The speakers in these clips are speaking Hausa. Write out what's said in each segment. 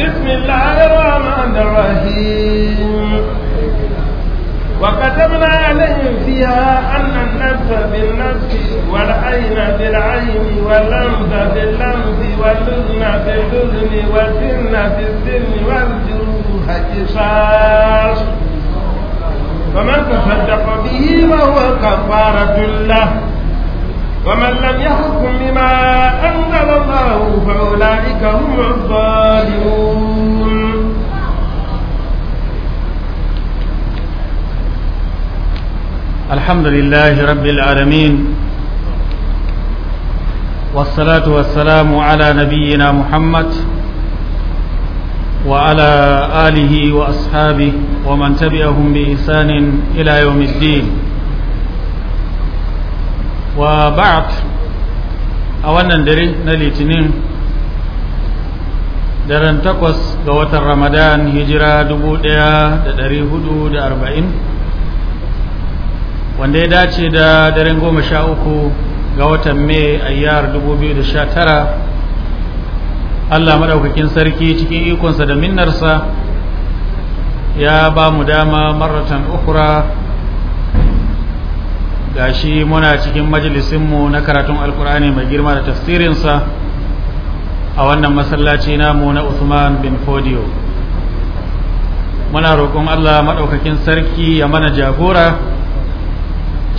بسم الله الرحمن الرحيم وكتبنا عليهم فيها أن النفس بالنفس والعين بالعين واللمس باللمس واللذن باللذن والسن بالسن والجروح قصاص فمن تصدق به وهو كفارة له ومن لم يحكم بما أنزل الله فأولئك هم الظالمون الحمد لله رب العالمين والصلاة والسلام على نبينا محمد وعلى آله وأصحابه ومن تبعهم بإحسان إلى يوم الدين wa ba'at a wannan dare na litinin daren takwas ga watan ramadan hijira da hudu arba'in, wanda ya dace da daren goma sha uku ga watan mai ayyar 2019 allah maɗaukakin sarki cikin ikonsa da minnarsa ya ba mu dama maratan ukura gashi muna cikin majalisinmu na karatun alkur'ani mai girma da tafsirinsa a wannan masallaci namu na Usman bin Fodio muna roƙon Allah maɗaukakin sarki ya mana jagora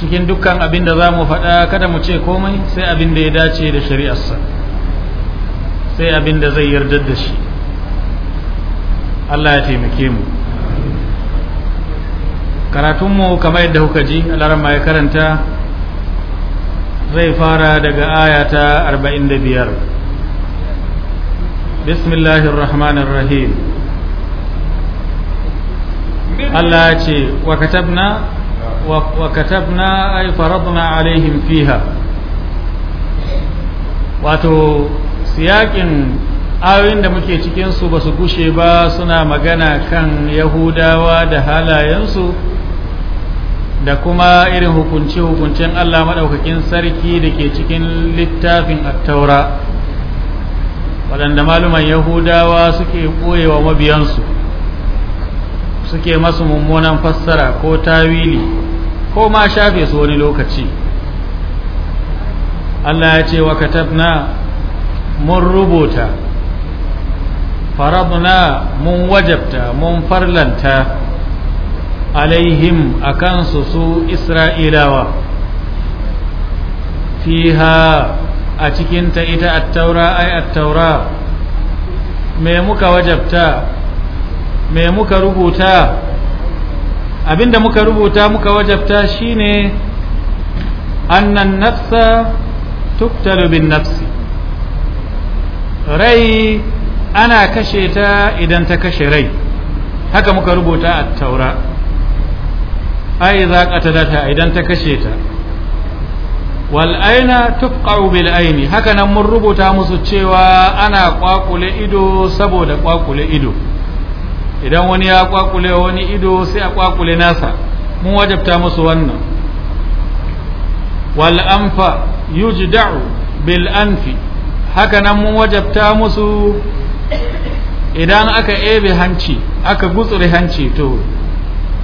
cikin dukkan abin da za mu faɗa kada mu ce komai sai abin da ya dace da shari'arsa sai abin da zai yarda da shi Allah ya taimake mu karatunmu kamar yadda kuka ji alarma ya karanta zai fara daga ayata ta 45 bismillahir rahmanir rahim Allah ya ce wa wa katabna ay faradna alaihim fiha wato siyakin ayoyin da muke cikinsu ba su gushe ba suna magana kan yahudawa da halayensu da kuma irin hukunce-hukuncen Allah maɗaukakin sarki da ke cikin littafin attaura waɗanda maluman yahudawa suke ɓoyewa mabiyansu suke masu mummunan fassara ko tawili ko ma shafe su wani lokaci Allah ya ce wa katabna mun rubuta farabna mun wajabta mun farlanta alaihim a kansu su isra'ilawa fiha a cikinta ita attaura ai attaura me muka wajabta me muka rubuta abinda muka rubuta muka wajabta shine annan nafsa tuktalu bin nafsi rai ana kashe ta idan ta kashe rai haka muka rubuta a taura ai za qatalata idan ta kashe ta wal aina tufqa'u bil aini haka nan mun rubuta musu cewa ana kwakule ido saboda kwakule ido idan wani ya kwakule wani ido sai a kwakule nasa mun wajabta musu wannan wal anfa yujda'u bil anfi haka nan mun wajabta musu idan aka ebe hanci aka gutsure hanci to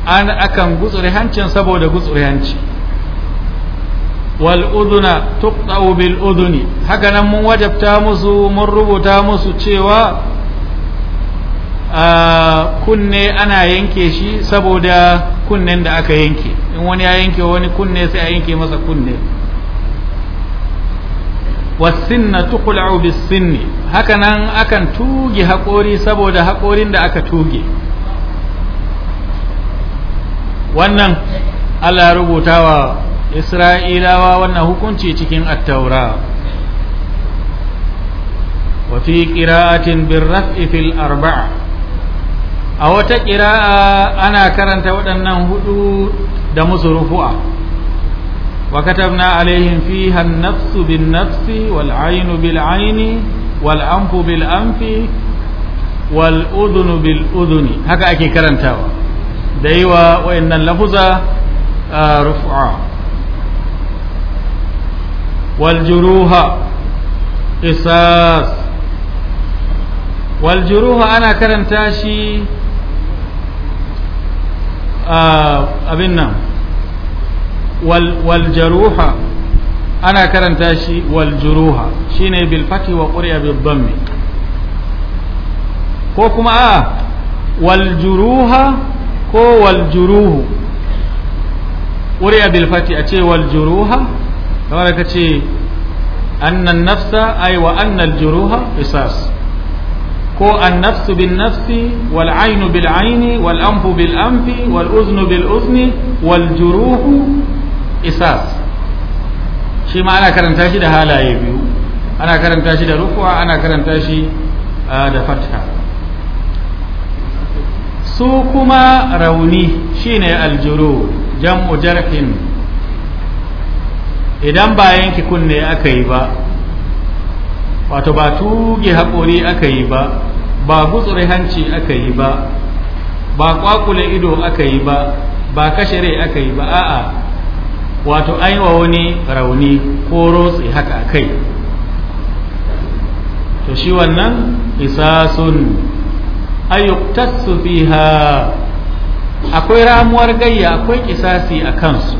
an akan gutsure hancin saboda gutsure hanci wal uduna tuqta'u bil uduni haka nan mun wajabta musu mun rubuta musu cewa ah, kunne ana yanke shi saboda kunnen da aka yanke in wani ya yanke wani kunne sai a yanke masa kunne wasinna tuqla'u bis sinni haka nan akan tuge haƙori saboda haƙorin da aka tuge wannan Allah rubuta wa Isra'ilawa wannan hukunci cikin attaura wa fi qira'atin birraf'i fil arba'a a wata qira'a ana karanta waɗannan hudu da musu rufu'a wa katabna alaihim fiha an-nafsu bin-nafsi wal-'aynu bil-'ayni wal-anfu bil-anfi wal-udhunu bil-udhuni haka ake karantawa da yi wa wa'annan lafuza rufu'a. waljuruha isas waljuruha ana karanta shi abin nan waljaruha ana karanta shi waljuruha shine bilfati wa ƙuri'a bibban ko kuma a waljuruha ko waljuruhu juruhu uriya bil a ce wal kamar ka ce annan nafsa ay wa annal juruha isas ko an nafsu bin nafsi wal ainu bil aini wal anfu bil wal uznu bil uzni wal juruhu shi ma ana karanta shi da halaye biyu ana karanta shi da rukwa, ana karanta shi ah, da fatha su kuma rauni shine aljuru jam'u jarhin idan ba yanki kunne aka yi ba wato ba tuge haƙori aka yi ba ba gutsuri hanci aka yi ba ba kwakule ido aka yi ba ba kashire aka yi ba a'a wato an yi wa wani rauni ko rotsi haka kai to shi wannan isasun ayyuktassu fiha akwai ramuwar gayya akwai kisasi a kansu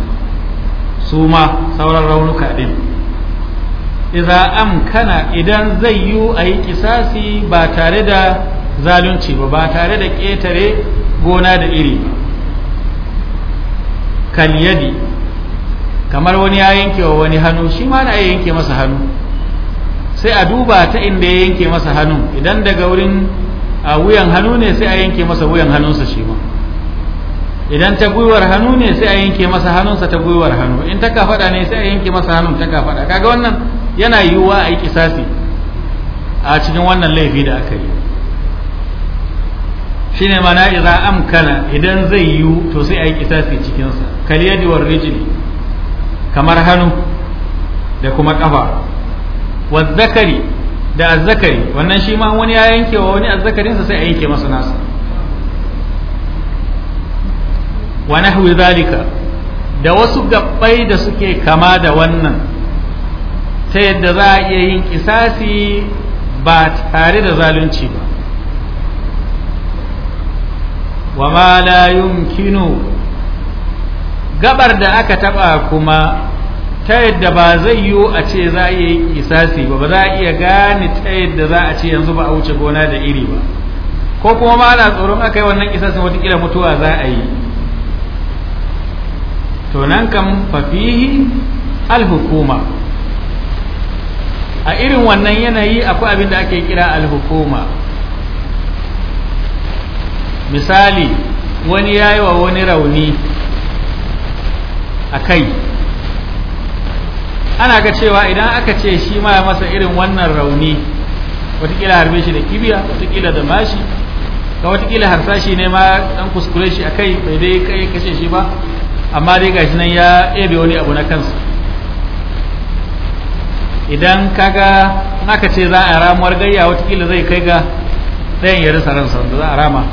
su ma sauran raunuka ɗin idan amkana idan zai yi ayi yi kisasi ba tare da zalunci ba ba tare da ƙetare gona da iri ba kalyadi kamar wani ya yanke wa wani hannu shi ma na yanke masa hannu sai a duba ta inda ya yanke masa hannu idan daga wurin a wuyan hannu ne sai a yanke masa wuyan hannunsa shi ma idan ta gwiwar hannu ne sai a yanke masa hannunsa ta gwiwar hannu in ta kafada ne sai a yanke masa hannun ta kafada kaga wannan yana yiwuwa a yi kisasi a cikin wannan laifi da aka yi Shi ne mana idza amkana idan zai yiwu to sai a yi kisasi cikinsa. kaliyadiwar kaliyadi kamar hannu da kuma kafa wa zakari da azzakari wannan shi ma wani ya yanke wa wani azzakarinsa sai a yanke masa nasa wa nahwi zalika da wasu gabbai da suke kama da wannan ta yadda za a iya yin kisasi ba tare da zalunci ba wa ma la yumkinu gabar da aka taba kuma ta yadda ba zai yiwu a ce za a iya yin kisasi ba ba za a iya gane ta yadda za a ce yanzu ba a wuce gona da iri ba ko kuma ma ana tsoron aka yi wannan kisasin watakila mutuwa za a yi to nan kam fafihi alhukuma a irin wannan yanayi akwai abin da ake kira alhukuma misali wani ya yi wa wani rauni a kai ana ga cewa idan aka ce shi ma ya masa irin wannan rauni watakila harbe shi da kibiya watakila da mashi ga watakila harsashi ne ma dan kuskure shi akai bai dai kai kashe shi ba amma dai gashi nan ya ebe wani abu na kansa idan kaga aka ce za a ramuwar gayya watakila zai kai ga ɗayan ya rasa ransa da za a rama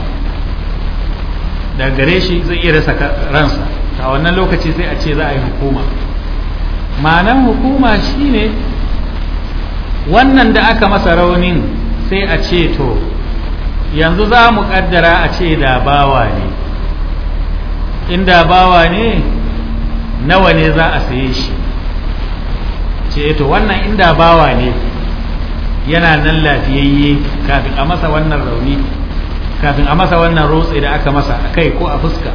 daga gare shi zai iya rasa ransa a wannan lokaci sai a ce za a yi hukuma ma'anan hukuma shine wannan da aka masa raunin sai a ce to yanzu za mu kaddara a ce da bawa ne inda bawa ne nawa ne za a saye shi ce eh, to wannan inda bawa ne yana nan lafiyayye kafin a masa wannan rauni kafin a masa wannan rotse da aka masa a kai ko a fuska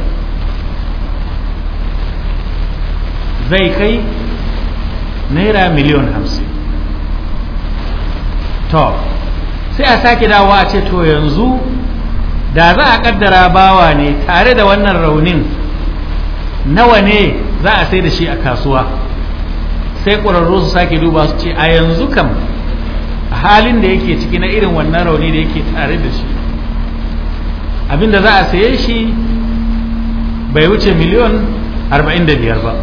zai kai naira miliyon hamsin to sai a sake dawo a ce to yanzu da za a kaddara bawa ne tare da wannan raunin nawa ne za a sai da shi a kasuwa sai ƙwararru su sake duba su ce a yanzu kam a halin da yake ciki na irin wannan rauni da yake tare da shi abinda za a saye shi bai wuce miliyon 45 ba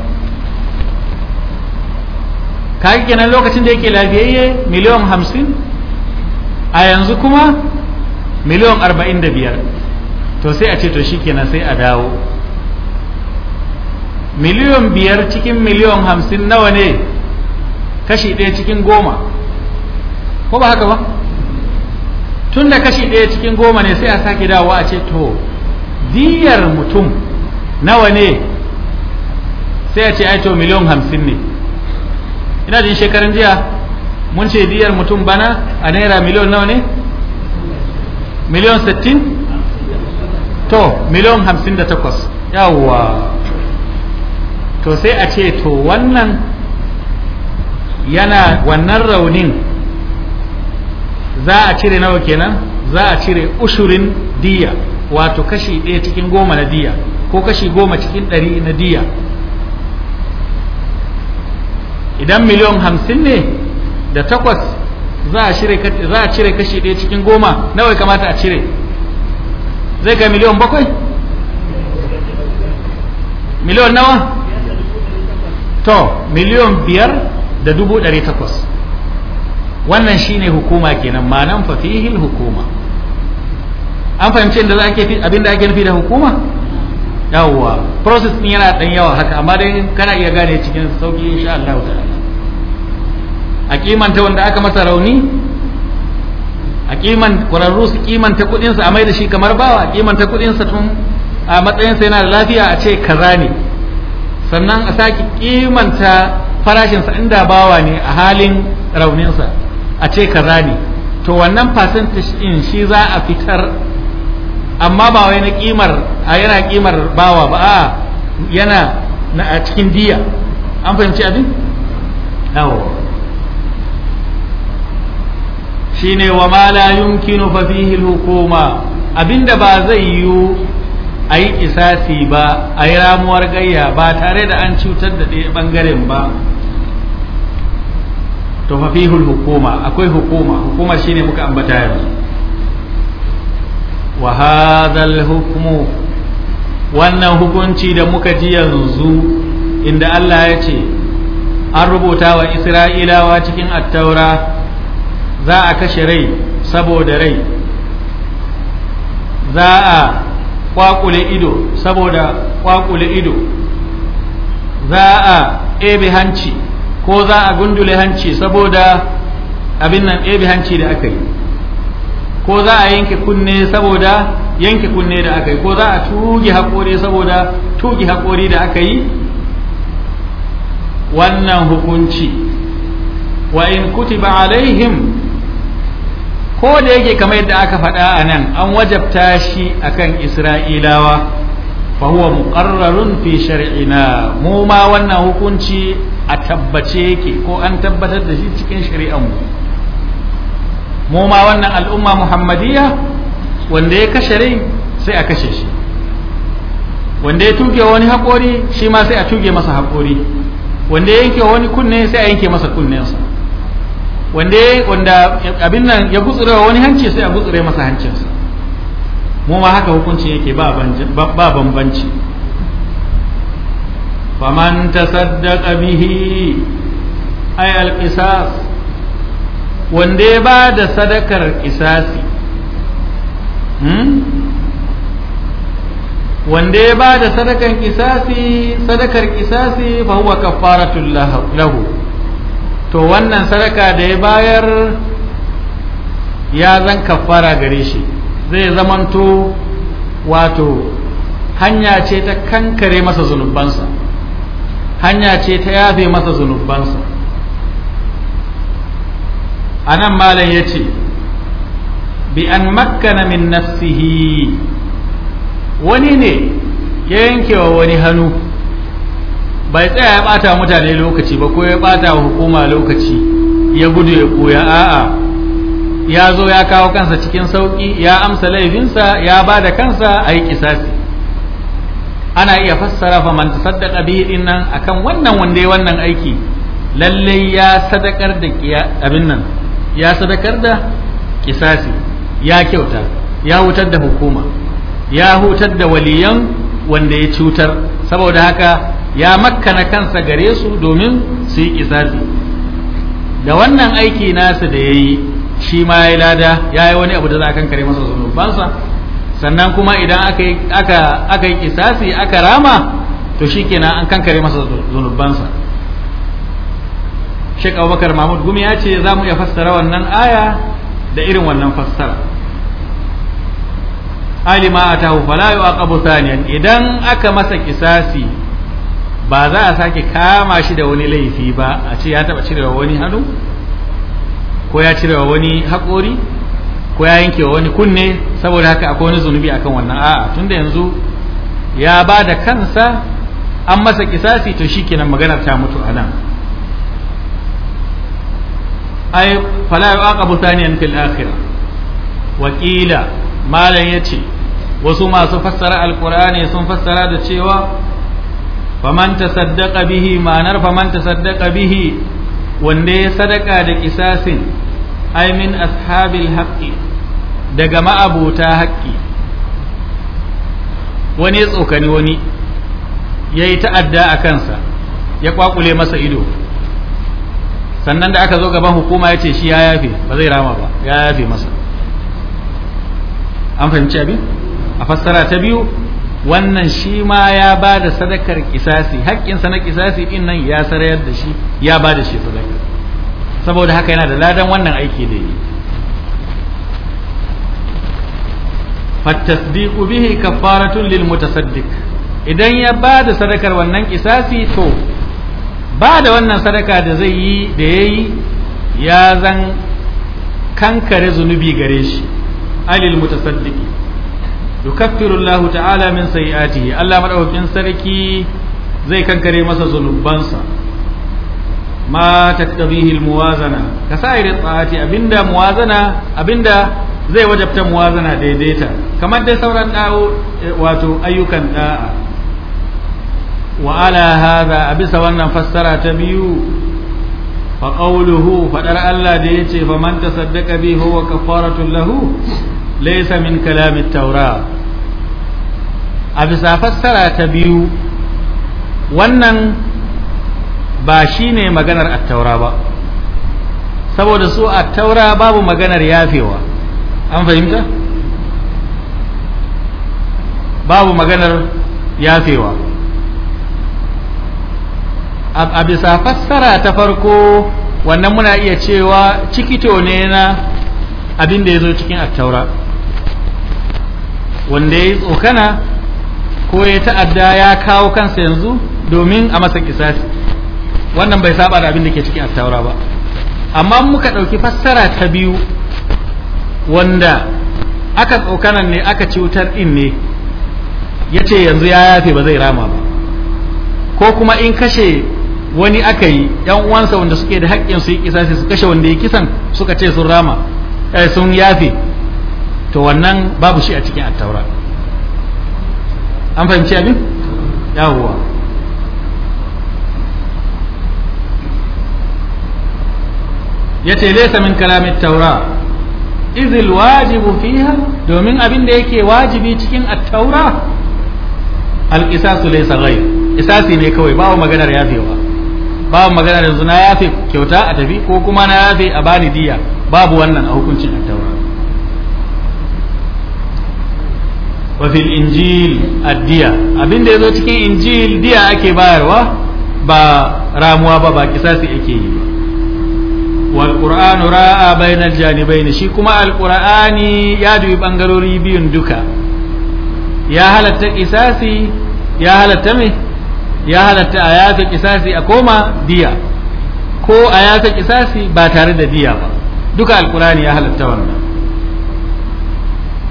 kaga kenan lokacin da yake lafiyayye miliyan hamsin a yanzu kuma miliyan arba'in da biyar to sai a ce to shikenan sai a dawo miliyan biyar cikin miliyan hamsin nawa ne kashi ɗaya cikin goma ko ba haka ba tun da kashi ɗaya cikin goma ne sai a sake dawo a ce to diyar mutum nawa ne sai a ce ai to miliyan hamsin ne ina jin shekaran jiya mun ce diyar mutum bana a naira miliyon nawa ne miliyon 60 to miliyon 58 yawwa to sai a ce to wannan yana wannan raunin za a cire nawa kenan za a cire ushurin diya wato kashi ɗaya cikin goma na diya ko kashi goma cikin ɗari na diya idan miliyan hamsin ne da takwas za a cire kashi ɗaya cikin goma nawa kamata a cire zai kai miliyan bakwai miliyan nawa to miliyan biyar da dubu ɗari takwas wannan shine hukuma kenan ma'anan fafihil hukuma an fahimci abin da ake nufi da hukuma yawwa process din yana dan yawa haka amma dai kana iya gane cikin sauki insha Allah ta'ala a kimanta wanda aka masa rauni a kiman kwararru su kimanta kudin a mai da shi kamar bawa a kimanta kudin tun a matsayin yana da lafiya a ce kaza ne sannan a saki kimanta farashinsa sa inda bawa ne a halin rauninsa sa a ce kaza ne to wannan percentage din shi za a fitar amma ba wai na kimar a yana kimar bawa ba a yana na a cikin diya an fahimci abin yawo shine wa ma la yumkinu fa fihi hukuma abinda ba zai yiwu a yi kisasi ba a yi ramuwar gayya ba tare da an cutar da ɗaya ɓangaren ba to fa hukuma akwai hukuma hukuma shine muka ambata yanzu wa hadhal hukmu wannan hukunci da muka ji yanzu inda Allah ya ce an rubuta wa isra'ilawa cikin attaura za a kashe rai saboda rai za a kwakule ido saboda kwakule ido za a ebe hanci ko za a gundule hanci saboda abin nan ebe hanci da aka yi ko za a yanke kunne saboda yanke kunne da aka yi ko za a tuge haƙori saboda tuge haƙori da aka yi wannan hukunci wa in kutiba alaihim ko da yake kamar yadda aka faɗa a nan an wajabta shi akan isra'ilawa fa huwa muqarrarun fi shar'ina mu ma wannan hukunci a tabbace yake ko an tabbatar da shi cikin shari'anmu mu mu ma wannan al'umma muhammadiyya wanda ya kashe rai sai a kashe shi wanda ya tuge wani haƙori shi ma sai a tuge masa haƙori wanda ya yanke wani kunne sai a yanke masa kunnensa wanda wanda abin nan ya gutsure wani hanci sai a gutsure masa hancinsa mu ma haka hukuncin yake ba bambanci faman tasaddaqa bihi ay al-qisas wanda ya ba da sadakar isasi hmm? wanda ya ba da kisasi sadakar kisasi fa huwa kafaratul lahu to wannan sadaka da ya bayar ya zan kafara gare shi zai zamanto wato hanya ce ta kankare masa zunubansa hanya ce ta yafe masa zunubansa anan malam ya ce bi an makkana min nafsihi wani ne ya yankewa wani hannu bai tsaya ya bata mutane lokaci ba ko ya bata hukuma lokaci ya gudu ya koya a'a ya zo ya kawo kansa cikin sauƙi ya amsa laifinsa ya bada kansa a yi kisasi ana iya fassara fa man tasaddaqa bi dinnan akan wannan wanda ya wannan aiki lallai ya sadakar da abin nan ya sadakar da kisasi ya kyauta ya hutar da hukuma ya hutar da waliyan wanda ya cutar saboda haka ya makkana kansa gare su domin su yi kisasi da wannan aiki nasa da ya yi shi ma ya lada ya yi wani abu da za a kankare masa zunubansa sannan kuma idan aka yi kisasi aka rama to shi kenan an kankare masa zunubansa Sheikh Abubakar Mahmud Gumi ya ce za mu iya fassara wannan aya da irin wannan fassara alima ta fala yuqabu thaniyan idan aka masa kisasi ba za a sake kama shi da wani laifi ba a ce ya taba cirewa wani hannu ko ya cirewa wani haƙori ko ya yanke wani kunne saboda haka akwai wani zunubi akan wannan a'a tunda yanzu ya ba da kansa an masa kisasi to shi kenan maganar ta mutu a nan ai fala yuqabu thaniyan fil akhirah wakila malam yace wasu masu fassara alqur'ani sun fassara da cewa faman saddaka bihi ma'anar faman saddaka bihi wanda ya sadaka da kisasin ai min ashabil haqqi daga ma'abuta haƙƙi wani ya tsokani wani ya yi ta'adda a kansa ya kwakule masa ido sannan da aka zo gaban hukuma ya ce shi ya yafe ba zai rama ba ya yafe masa an fahimci abin a fassara ta biyu wannan shi ma ya ba da sadakar kisasi haƙƙinsa na kisasi ɗin nan ya sarayar da shi ya ba da shi sadaka saboda haka yana da ladan wannan aiki da yi fattasdiqu bihi kaffaratun lil mutasaddiq idan ya ba da sadakar wannan kisasi to ba da wannan sadaka da zai yi da ya yi ya zan kankare zunubi gare shi alil mutasaddiki yukaffiru Allah ta'ala min sayyi'atihi Allah madaukakin sarki zai kankare masa zunubansa ma taktabihi al ka sa'ir ta'ati abinda muwazana abinda zai wajabta muwazana daidaita kamar dai sauran dawo eh, wato ayyukan da'a wa ala a bisa wannan fassara ta biyu fa qawluhu fadar Allah da yace fa man tasaddaqa bi huwa kafaratun lahu laysa min kalam taura a bisa fassara ta biyu wannan ba shine maganar at-taura ba saboda su at-taura babu maganar yafewa an fahimta babu maganar yafewa a bisa fassara ta farko wannan muna iya cewa cikito ne na abin da ya zo cikin attaura wanda ya tsokana ko ya ta'adda ya kawo kansa yanzu domin a masa kisasi wannan bai saba da abin da ke cikin attaura ba amma muka ɗauki fassara ta biyu wanda aka tsokanan ne aka cutar ɗin ne ya ce yanzu ya yafe ba zai rama ba ko kuma in kashe wani aka yi yan uwansa wanda suke da haƙƙin su yi kisa sai su kashe wanda ya kisan suka ce sun rama eh, sun yafe to wannan babu shi a cikin attaura an fahimci abin yawwa ce laysa min kalamin taura izil wajibu fiha domin abin da yake wajibi cikin attaura al-qisasu laysa ghayr qisasi ne kawai ba maganar yafewa babu magana yanzu na fi kyauta a tafi ko kuma na fi a bani diya babu wannan a hukuncin attaura wa fil injil addiya abinda zo cikin injil diya ake bayarwa ba ramuwa ba ba kisasi ake yi ba wal qur'anu ra'a bainal janibaini shi kuma al qur'ani ya dubi bangarori biyun duka ya halatta ya halatta ya halatta a yafe kisasi a koma diya ko a yafe kisasi ba tare da diya ba duka alkurani ya halatta wannan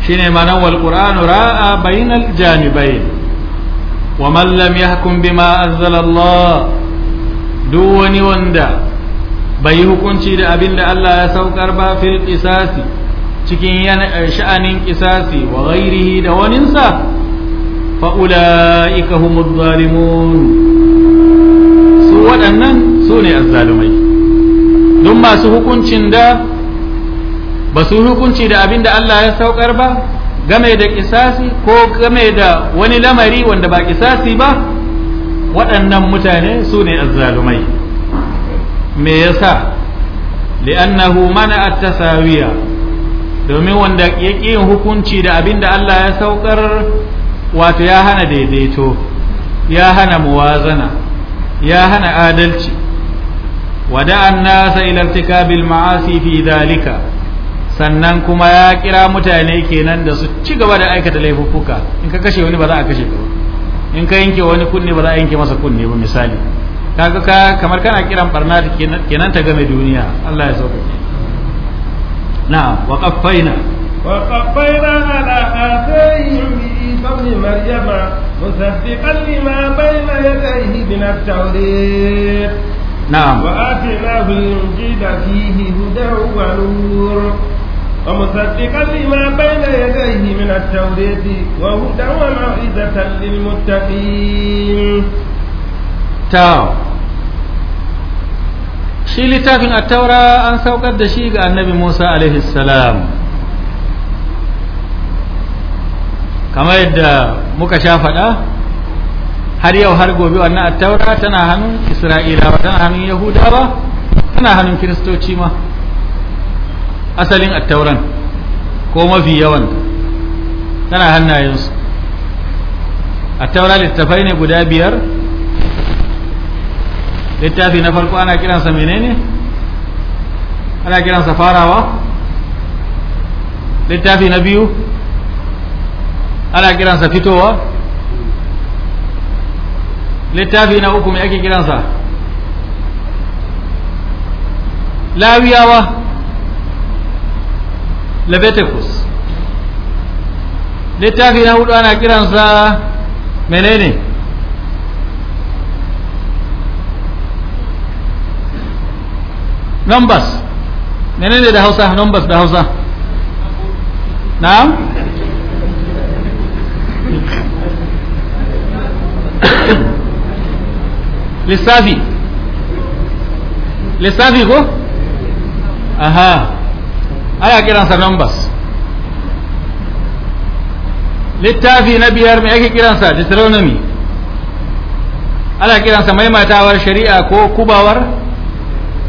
shine ma'anar wal ra'a bayinal janibayn wa Mallam ya yahkum bima anzala duk wani wanda bai hukunci da abin da Allah ya saukar ba fil qisasi cikin eh, sha'anin ƙisasi wa ghairihi da waninsa فأولئك هم الظالمون سوى أنن سوني الظالمين ثم سهكون شندا بسهكون شندا أبين الله يسوكر با game da kisasi ko game da wani lamari wanda ba kisasi ba waɗannan mutane su ne azzalumai me yasa li'annahu mana at-tasawiya domin wanda ya yin hukunci da abin da Allah ya saukar wato ya hana daidaito ya hana muwazana ya hana adalci wada nasa ila irtikabil ma'asi fi dhalika sannan kuma ya kira mutane kenan da su ci gaba da aikata laifuffuka in ka kashe wani ba za a kashe ka ba in ka yanke wani kunne ba za a yanke masa kunne ba misali kaga ka kamar kana kiran barna kenan ta game duniya Allah ya sauƙaƙe na. wa qaffaina wa qaffaina ala atayhim قول مريم مصدقا لما بين يديه من التوريد نعم وآتيناه الإنجيل فيه هدى ونور ومصدقا لما بين يديه من التوريد وهدى وموعظة للمتقين تاو shi littafin التوراة أن سوقت da النبي موسى عليه السلام kamar yadda muka sha faɗa har yau har gobe wannan attaura tana hannun isra'ilawa tana hannun yahudawa tana hannun kiristoci ma asalin attauran ko mafi yawan tana hannayensu attaura littafai ne guda biyar littafi na farko ana kiransa menene ana kiransa farawa littafi na biyu ana kiransa fitowa littafi na uku mai ake kiransa lawiyawa leviticus littafi na hudu ana kiransa menene numbers menene da hausa numbers da hausa na'am lissafi lissafi ko aha ana kiransa numbers littafi na biyar mai ake kiransa deuteronomy ana kiransa maimaitawar shari'a ko kubawar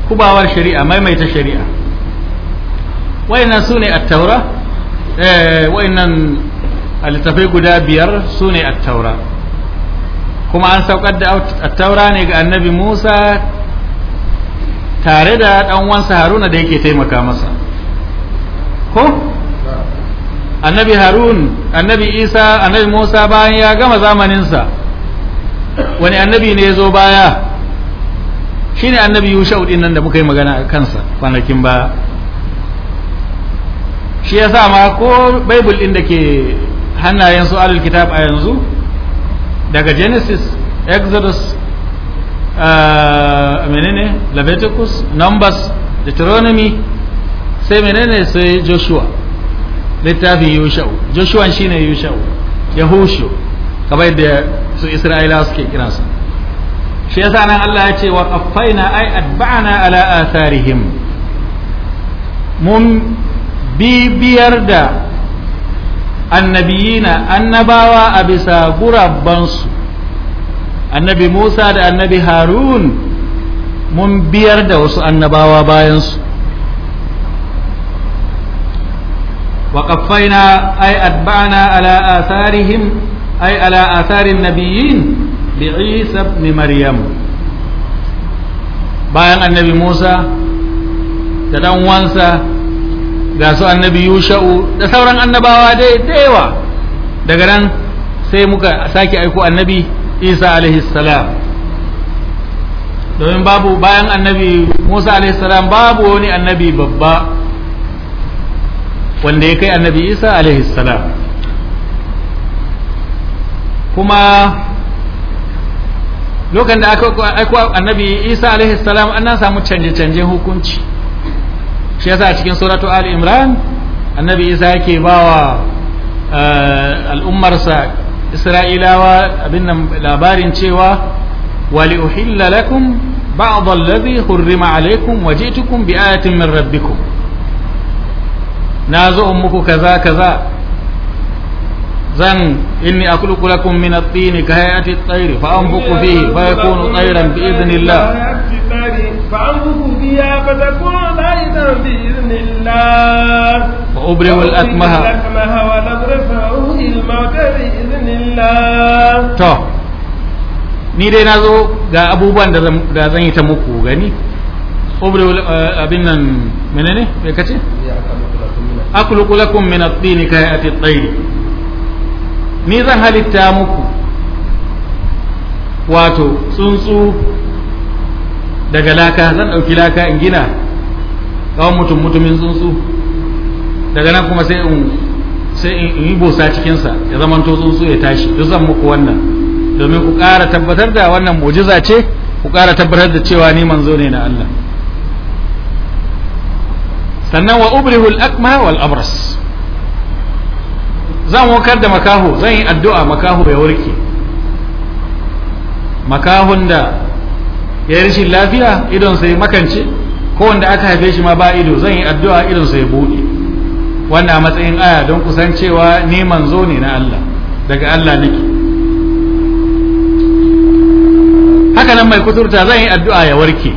kubawar shari'a maimaita shari'a wayannan su ne attaura eh, wayannan littafai guda biyar su ne attaura kuma an saukar da taura ne ga annabi Musa tare da ɗan Haruna da yake taimaka masa ko annabi Harun annabi Isa annabi Musa bayan ya gama zamaninsa wani annabi ne ya zo baya shi ne annabi yusha din nan da muka yi magana a kansa kwanakin ba shi ya sa ma ko baibul din da ke hannayen su alul kitab a yanzu daga genesis exodus uh, menene leviticus numbers deuteronomy sai menene sai joshua littafin yusha'u joshua shine yusha'u yahushu kamar yadda su isra'ila suke kiransa shi yasa nan Allah ya ce wa qaffaina ay atba'na ala atharihim mun bibiyar da annabiyina annabawa a bisa gurabbansu annabi Musa da annabi Harun mun biyar da wasu annabawa bayansu وقفينا أي أتبعنا على آثارهم أي على آثار النبيين بعيسى ابن مريم bayan annabi Musa da ɗan wansa ga su annabi yusha'u da sauran annabawa dai da yawa daga nan sai muka sake aiko annabi isa alaihi salam domin babu bayan annabi musa alaihi salam babu wani annabi babba wanda ya kai annabi isa alaihi salam kuma lokacin da aka aiko annabi isa alaihi salam an samu canje-canjen hukunci shi yasa a cikin suratu ali imran annabi isa yake bawa eh, al'ummarsa isra'ilawa abin labarin cewa wali uhilla lakum ba'd allazi hurrima alaikum waji'tukum bi ayatin min rabbikum nazo muku kaza kaza zan inni akhluqu lakum min at-tin ka hayati at-tayr fa anfuqu fihi fa yakunu tayran bi idhnillah fa anfuqu فيها فتكون عيدا بإذن الله وأبرئ الأكمه ونظرفه الموت بإذن الله تو ni dai na zo ga abubuwan da zan yi ta muku gani ubri abin nan ne mai kace akluku lakum min at-tin ka yati at ni zan halitta muku wato tsuntsu daga laka zan ɗauki laka in gina tsawon mutum mutumin tsuntsu daga nan kuma sai in sai in yi bosa cikinsa ya zama tsuntsu ya tashi duk zan muku wannan domin ku ƙara tabbatar da wannan mujiza ce ku ƙara tabbatar da cewa ni manzo ne na Allah sannan wa ubrihul akma wal abras zan wakar da makaho zan yi addu'a makaho ya warke makahon da ya yi rashin lafiya idon sai makance ko wanda aka haife shi ma ba ido zan yi addu'a idon sai buɗe wannan a matsayin aya don kusan cewa ni manzo ne na Allah daga Allah nake haka nan mai kuturta zan yi addu'a ya warke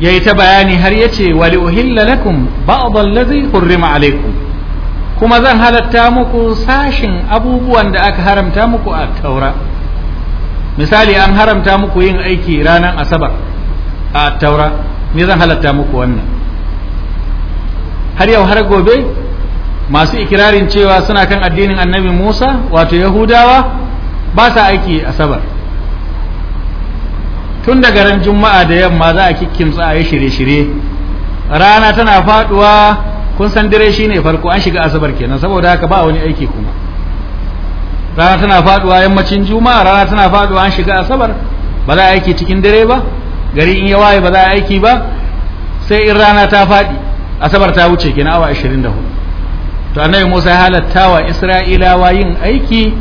ya yi ta bayani har ya ce wali uhilla lakum ba'dal ladhi hurrima alaikum kuma zan halatta muku sashin abubuwan da aka haramta muku a taura misali an haramta muku yin aiki ranar asabar a taura me zan halatta muku wannan har yau har gobe masu ikirarin cewa suna kan addinin annabi musa wato yahudawa ba sa aiki asabar tun daga ran juma'a da yamma za a kikkimtsa a yi shirye-shirye rana tana faduwa kun san dire shine farko an shiga asabar kenan saboda haka ba wani aiki kuma rana tana faduwa yammacin juma'a rana tana faduwa an shiga asabar ba za a aiki cikin dare ba gari in ya waye ba za a aiki ba sai in rana ta faɗi asabar ta wuce kina awa 24 to annabi Musa ya halatta wa Isra'ilawa yin aiki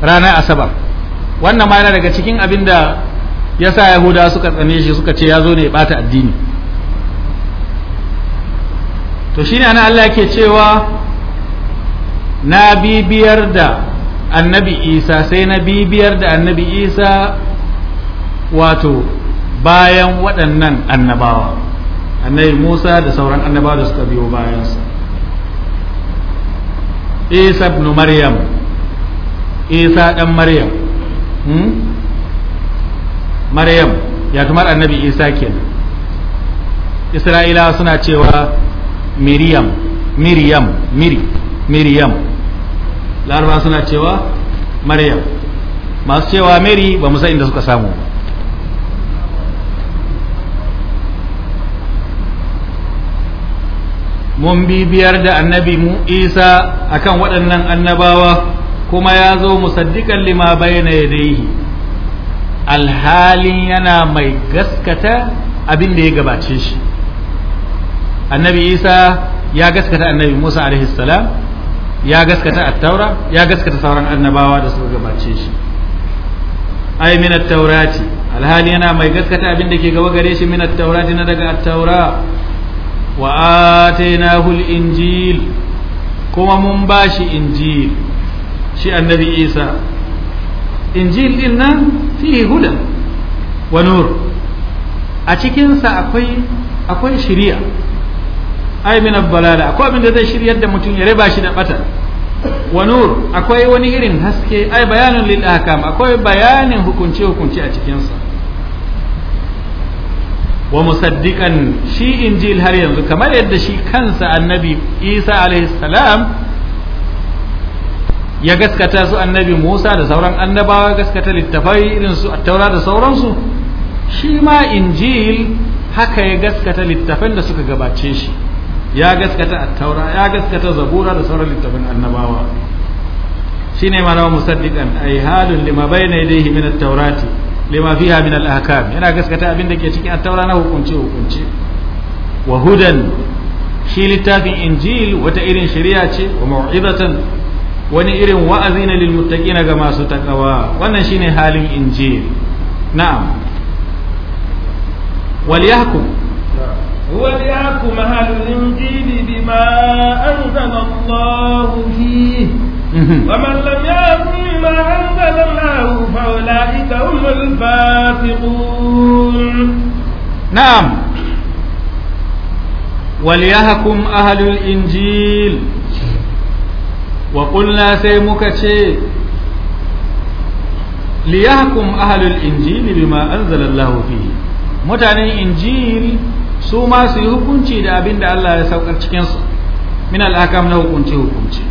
ranar asabar wannan ma yana daga cikin abin da ya Yahudawa suka tsane shi suka ce ya zo ne ya bata addini to shine ana Allah yake cewa na bibiyar da annabi isa sai na bibiyar da annabi isa wato bayan waɗannan annabawa annabi musa da sauran annabawa da suka biyo bayansa isa ibn maryam isa ɗan maryam hmm? maryam ya tumar annabi isa kenan isra'ilawa suna cewa miriam miriam miri miriam laraba suna cewa maryam masu cewa mary ba san inda suka samu mun bibiyar da annabi mu isa akan waɗannan annabawa kuma ya zo musaddiƙan lima bayyana ya daihi alhalin yana mai gaskata abin da ya gabace shi annabi isa ya gaskata annabi musa alaihi ya gaskata at ya gaskata sauran annabawa da suka gabace shi ay min at-taurati alhali yana mai gaskata abin da ke gaba gare shi min at-taurati na daga at-taura wa atainahu al-injil kuma mun bashi injil shi annabi Isa injil din nan fi huda wa nur a cikinsa akwai akwai shari'a ai min balala akwai abin da zai shiryar da mutum ya raba shi da bata wa nur akwai wani irin haske ai bayanin lil ahkam akwai bayanin hukunce hukunce a cikin sa wa musaddiqan shi injil har yanzu kamar yadda shi kansa annabi Isa alaihi salam ya gaskata su annabi Musa da sauran annabawa gaskata littafai irin su at da sauransu shi ma injil haka ya gaskata littafan da suka gabace shi ya gaskata attaura ya gaskata zabura da sauran littafin annabawa shine malawa musaddiqan ay halun lima bayna yadayhi min at-taurati lima fiha min yana gaskata abin da ke cikin attaura na hukunce hukunce wa hudan shi littafin injil wata irin shari'a ce wa wani irin wa'azi na lil na ga masu takawa wannan ne halin injil na'am wal yahkum هو ليحكم أهل الإنجيل بما أنزل الله فيه ومن لم يحكم بما أنزل الله فأولئك هم الفاسقون نعم وليحكم أهل الإنجيل وقلنا سيمك شيء ليحكم أهل الإنجيل بما أنزل الله فيه متعني إنجيل su ma su yi hukunci da abin da Allah ya saukar cikinsu min al'akam na hukunci hukunci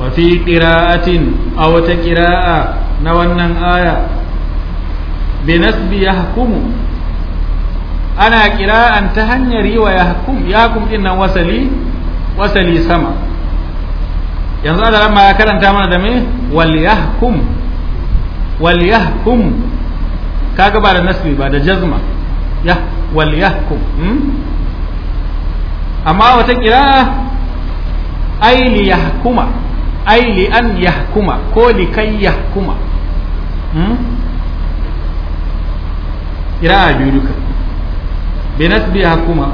wa fi qira'atin a wata qira'a na wannan aya bi nasbi yahkumu ana qira'an ta hanyar yi wa yahkum yahkum din nan wasali wasali sama yanzu da Allah ya karanta mana da me wal yahkum wal yahkum kaga ba da nasbi ba da jazma ya wal yahkum hmm? amma wata kira ai li yahkuma ai li an yahkuma ko li kai yahkuma hmm? kira biyu duka bi nasbi yahkuma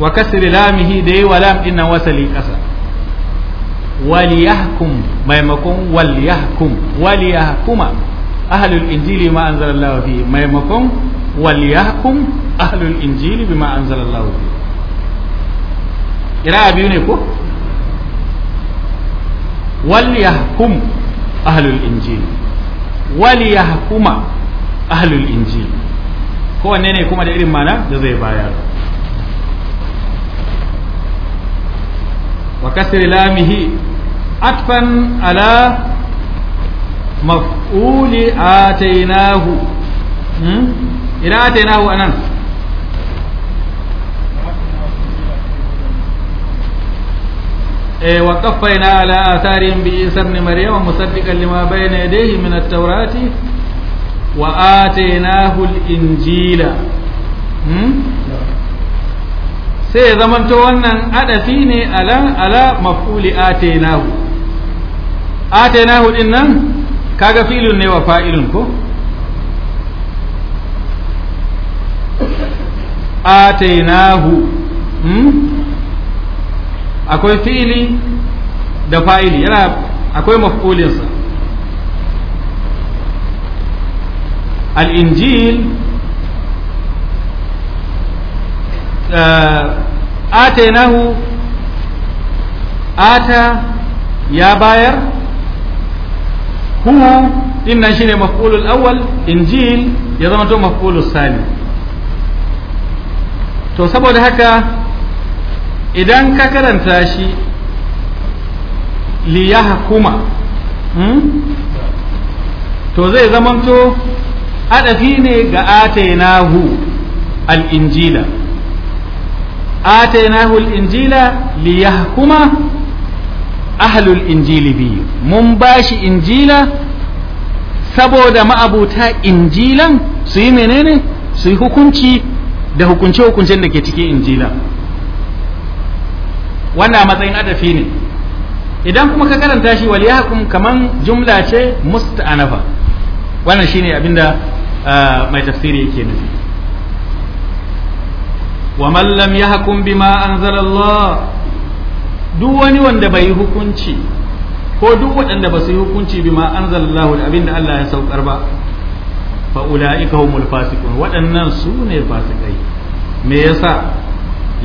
wa kasri lamihi da yi wa lam din nan wasali kasa wal yahkum maimakon wal yahkum wal yahkuma ahlul injili ma anzalallahu fi maimakon wal yahkum ahlul injili fi kira biyu ne ko wal yahkum ahlul kowanne ne kuma da irin mana da zai bayar wa lamihi atfan ala maf'uli atainahu idan atainahu anan وقفينا على آثارهم بعيسى مريم مصدقا لما بين يديه من التوراة وآتيناه الإنجيل sai zamanto wannan adafi ne ala ala maf'uli atainahu atainahu din nan kaga filin ne wa fa’ilin ko atainahu hmm? akwai fili da fa'ili yana akwai maf'ulinsa al'injil uh, atainahu ata ya bayar hu inna shi shine maf'ulul awwal injil ya zama to maf'ulus sani to saboda haka idan ka karanta shi li yahkuma to zai zamanto adafi ne ga atainahu al-injila atainahu al-injila li yahkuma ahlul injili biyu mun bashi injila saboda ma'abuta injilan su yi menene su yi hukunci da hukunce-hukuncen da ke cikin injila wannan matsayin adafi ne idan kuma ka karanta shi waliyakum kaman jumla ce musta'anafa wannan shine abinda ah, mai tafsiri yake nufi wa man lam yahkum bima anzalallahu duk wani wanda bai yi hukunci ko duk waɗanda ba su yi hukunci bi ma anzalallahu da abinda Allah ya saukar ba fa ulaika humul fasiqun waɗannan su ne fasikai me yasa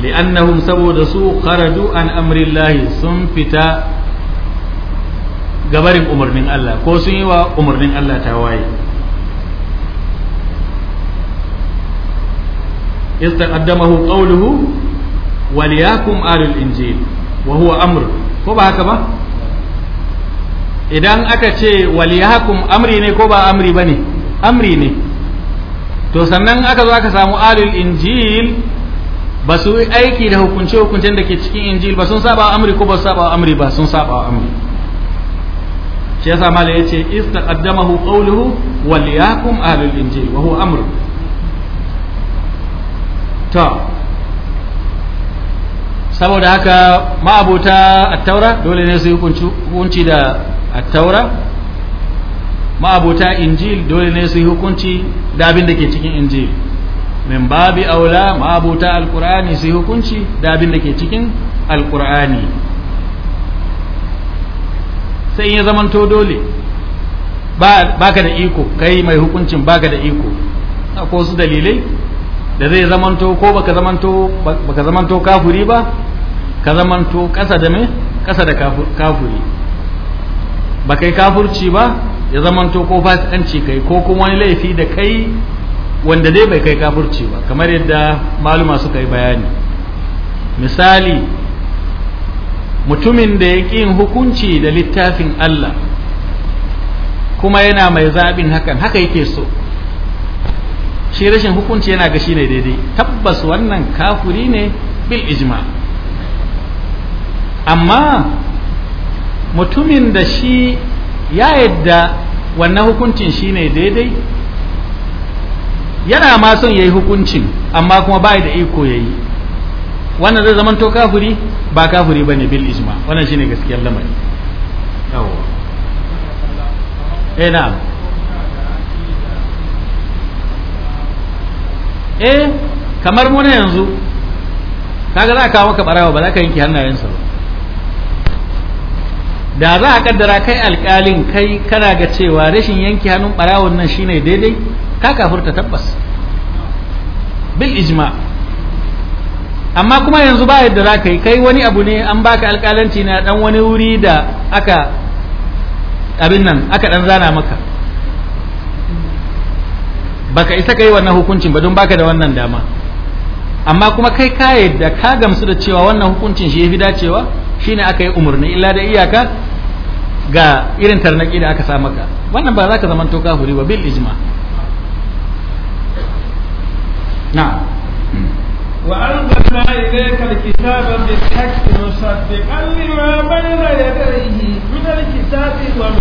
li'annahum saboda su kharaju an lahi sun fita gabarin umarnin Allah ko sun yi wa umarnin Allah tawaye istaqaddamahu qawluhu waliyakum alul injil wa huwa amr ko ba haka ba idan aka ce waliyahkum amri ne ko ba amri bane amri ne to sannan aka zo aka samu alul injil ba su aiki da hukunce hukuncen da ke cikin injil ba sun saba amri ko ba su saba amri ba sun saba amri shi yasa mala yace istaqaddamahu qawluhu waliyakum ahlul injil wa huwa amr ta saboda haka ma'abuta attaura dole ne su yi hukunci da attaura ma'abuta injil dole ne su yi hukunci da abin da ke cikin injil min babi aula ma'abuta alkur'ani su yi hukunci da abin da ke cikin alkur'ani sai in zaman zamanto dole ba ka da iko kai mai hukuncin ba ka da iko akwai wasu dalilai da zai zamanto ko baka zamanto baka zamanto kafuri ba ka zamanto kasa da me kasa da kafuri ba kai kafurci ba ya zamanto ko fasikanci kai ko kuma wani laifi da kai wanda dai bai kai kafurci ba kamar yadda maluma suka yi bayani misali mutumin da ya yin hukunci da littafin Allah kuma yana mai zaɓin hakan haka yake so shi rashin hukunci yana ga shi ne daidai tabbas wannan kafuri ne bil ijma' amma mutumin da shi ya yadda wannan hukuncin shine daidai yana ma son ya yi hukuncin amma kuma ba da iko ya yi wannan zai zamanto kafuri ba kafuri ba ne bil ijma wannan shine gaskiyar lamari eh, eh kamar mu na yanzu kaga za ka kawo ka barawa ba za ka yanke hannayensa ba da za a kaddara kai alkalin kai kana ga cewa rashin yanki hannun barawon nan shine daidai ka kafurta tabbas bil ijma amma kuma yanzu ba yadda za ka yi kai wani abu ne an baka alkalanci na dan wani wuri da aka abin nan aka dan zana maka baka isa kai wannan hukuncin ba don baka da wannan dama amma kuma kai ka yadda ka gamsu da cewa wannan hukuncin shi ya fi dacewa shine aka yi umarni illa da iyaka ga irin tarnaki da aka samu ka wannan ba za ka zama toka huri ba bil ijma na wa arbatna ilayka alkitaba bil hakki musaddiqan lima bayna yadayhi min alkitabi wa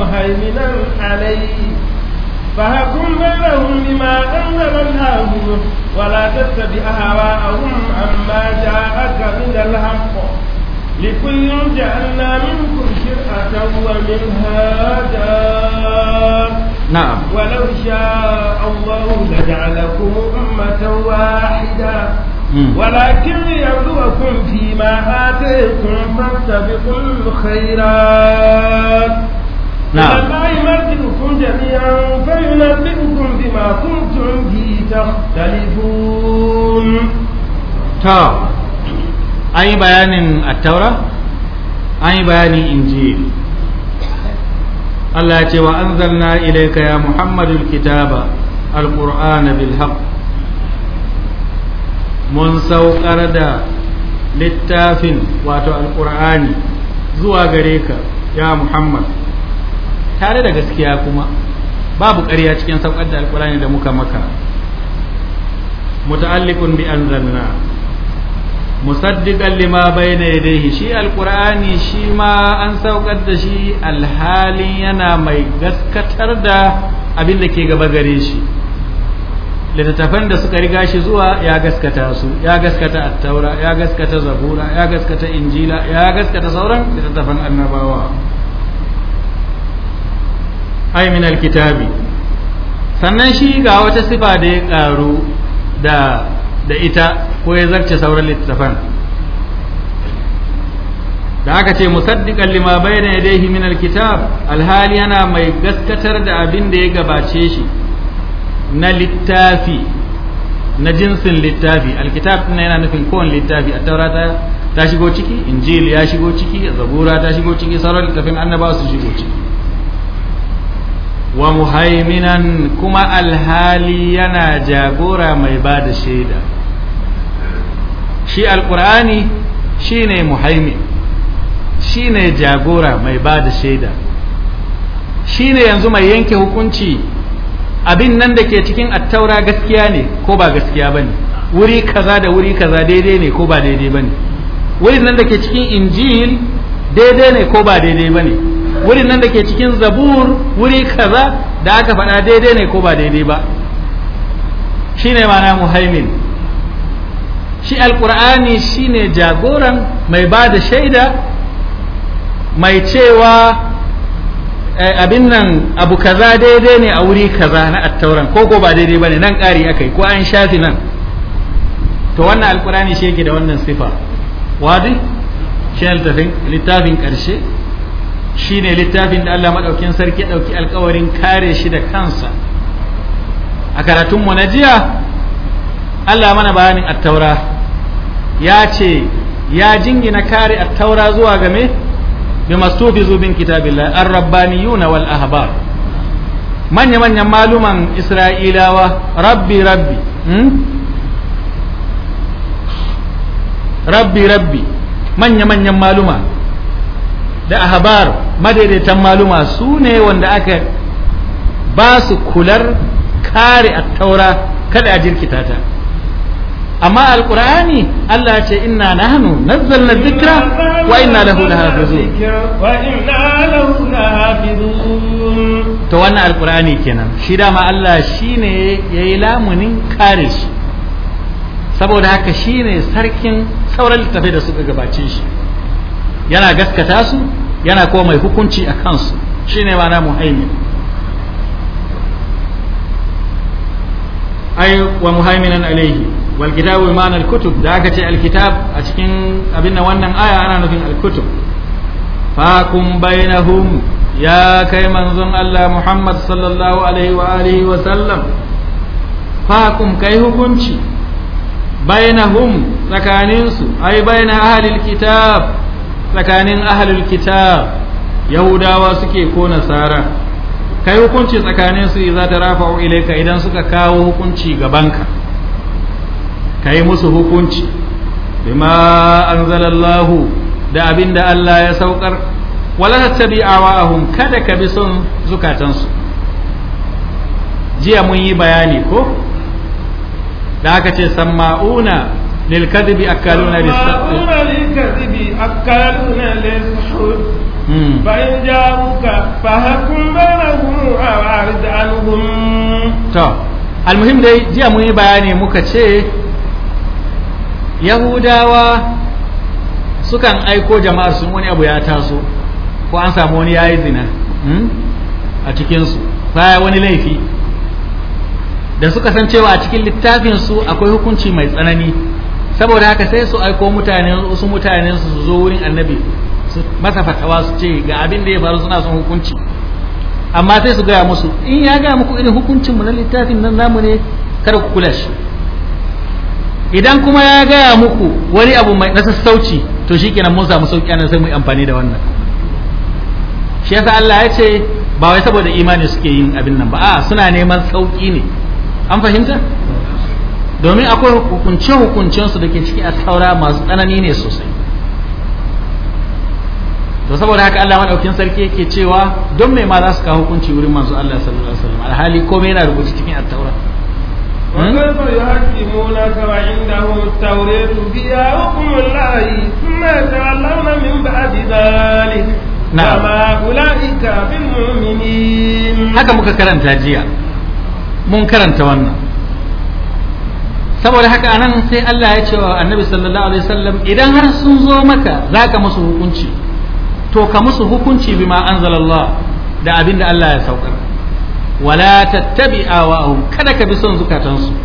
لكل جعلنا منكم شرعة ومنهاجا نعم ولو شاء الله لجعلكم أمة واحدة ولكن يبلوكم فيما آتيكم فاتبقوا الخيرات نعم الله يمدكم جميعا فينبئكم بما كنتم فيه تختلفون نعم an yi bayanin attaura an yi bayanin injil Allah ya ce wa anzalna ilayka ya Muhammadu kitaba alqur'ana bil haqq mun saukar da littafin wato al-qur'ani zuwa gare ka ya Muhammad tare da gaskiya kuma babu ƙarya cikin sauƙar da Alƙur'ani da muka maka muta'alliqun bi anzalna musaddiqan lima bayna yadayhi shi alqur'ani shi ma an saukar da shi alhalin yana mai gaskatar da abin da ke gaba gare shi littattafan da suka riga shi zuwa ya gaskata su ya gaskata attaura ya gaskata zabura ya gaskata injila ya gaskata sauran littattafan annabawa ay min alkitabi sannan shi ga wata sifa da ya karu da da ita ko ya zarce sauran littafan da aka ce musaddiqan lima bayna yadayhi min alkitab alhali yana mai gaskatar da abin da ya gabace shi na littafi na jinsin littafi alkitab na yana nufin kowan littafi a taurata ta shigo ciki injil ya shigo ciki zabura ta shigo ciki sauran littafin annabawa su shigo ciki wa muhaiminan kuma alhali yana jagora mai ba da shaida shi alkur'ani shi ne muhaimin shi ne jagora mai ba da shaida shi ne yanzu mai yanke hukunci abin nan da ke cikin attaura gaskiya ne ko ba gaskiya ba ne wuri kaza da wuri kaza daidai ne ko ba daidai ba ne wurin nan da ke cikin injil daidai ne ko ba daidai ba ne wurin nan da ke cikin zabur wuri kaza da aka faɗa daidai ne ko ba daidai ba shi ne mana muhaimin shi alkur'ani shi ne jagoran mai ba da shaida mai cewa eh, abin nan abu kaza daidai ne a wuri kaza na attauran ko ko ba daidai ba ne nan ƙari aka yi ko an shafi nan to wannan alkur'ani shi yake da wannan sifa wadi shi littafin ƙarshe Shi ne littafin da Allah madaukin sarki dauki alkawarin kare shi da kansa a karatunmu na jiya Allah mana bayanin Attaura ya ce ya jingina kare at-taura zuwa ga me bi mastufizu bin kitabillah ar-rabbaniyuna wal ahbar manya manyan maluman isra'ilawa rabbi rabbi hmm? rabbi rabbi manya manyan maluma da ahbar madaidaitan maluma su ne wanda aka ba su kular kare a taura kada a jirkita ta amma alkur'ani Allah ya ce inna nahnu nazzalna dhikra wa inna lahu lahafizun wa inna lahu lahafizun to wannan alkur'ani kenan shi dama Allah shine yayi lamunin kare shi saboda haka shine sarkin sauran littafai da suka gabace shi yana gaskata su yana kuma mai hukunci a kansu shine mana muhaimin ai wa muhaiminan alaihi wal kitabu ma'ana al kutub da aka ce al kitab a cikin abin nan wannan aya ana nufin al kutub kum bainahum ya kai manzon Allah Muhammad sallallahu alaihi wa alihi wa sallam kum kai hukunci bainahum tsakaninsu ai baina ahlil kitab tsakanin ahalul kitab yahudawa suke ko nasara kai hukunci tsakanin su idza rafa ilaika idan suka kawo hukunci gabanka kai musu hukunci bima anzalallahu da abinda Allah ya saukar wala tattabi'awahum kada ka bi son zukatansu jiya mun yi bayani ko da aka ce samma'una للكذب أكالون للسحت للكذب أكالون للسحت فإن جاءوك فهكم بينهم أو أعرض عنهم المهم dai jiya mun yi bayani muka ce yahudawa sukan aiko jama'ar sun wani abu ya taso ko an samu wani yayi zina a cikinsu baya wani laifi da suka san cewa a cikin littafinsu akwai hukunci mai tsanani saboda haka sai su aiko mutane wasu mutane su zo wurin annabi su masa fatawa su ce ga abin da ya faru suna son hukunci amma sai su gaya musu in ya gaya muku irin hukuncin mu na littafin nan zamu ne kar ku kula shi idan kuma ya gaya muku wani abu mai na sassauci to shikenan mun samu sauki anan sai mu yi amfani da wannan shi yasa Allah ya ce ba wai saboda imani suke yin abin nan ba a'a suna neman sauki ne an fahimta domin akwai hukunce hukuncensu da ke ciki a taura masu tsanani ne sosai to saboda haka Allah madaukakin sarki yake cewa don me ma za su kawo hukunci wurin manzo Allah sallallahu alaihi wasallam alhali komai yana rubuce cikin a taura hmm? haka muka karanta jiya mun karanta wannan saboda haka anan sai Allah ya ce wa annabi sallallahu alaihi wasallam idan har sun zo maka za ka musu hukunci to ka musu hukunci bima anzalallah da abin da Allah ya saukar wala tattabi awahum kada ka bi son zukatansu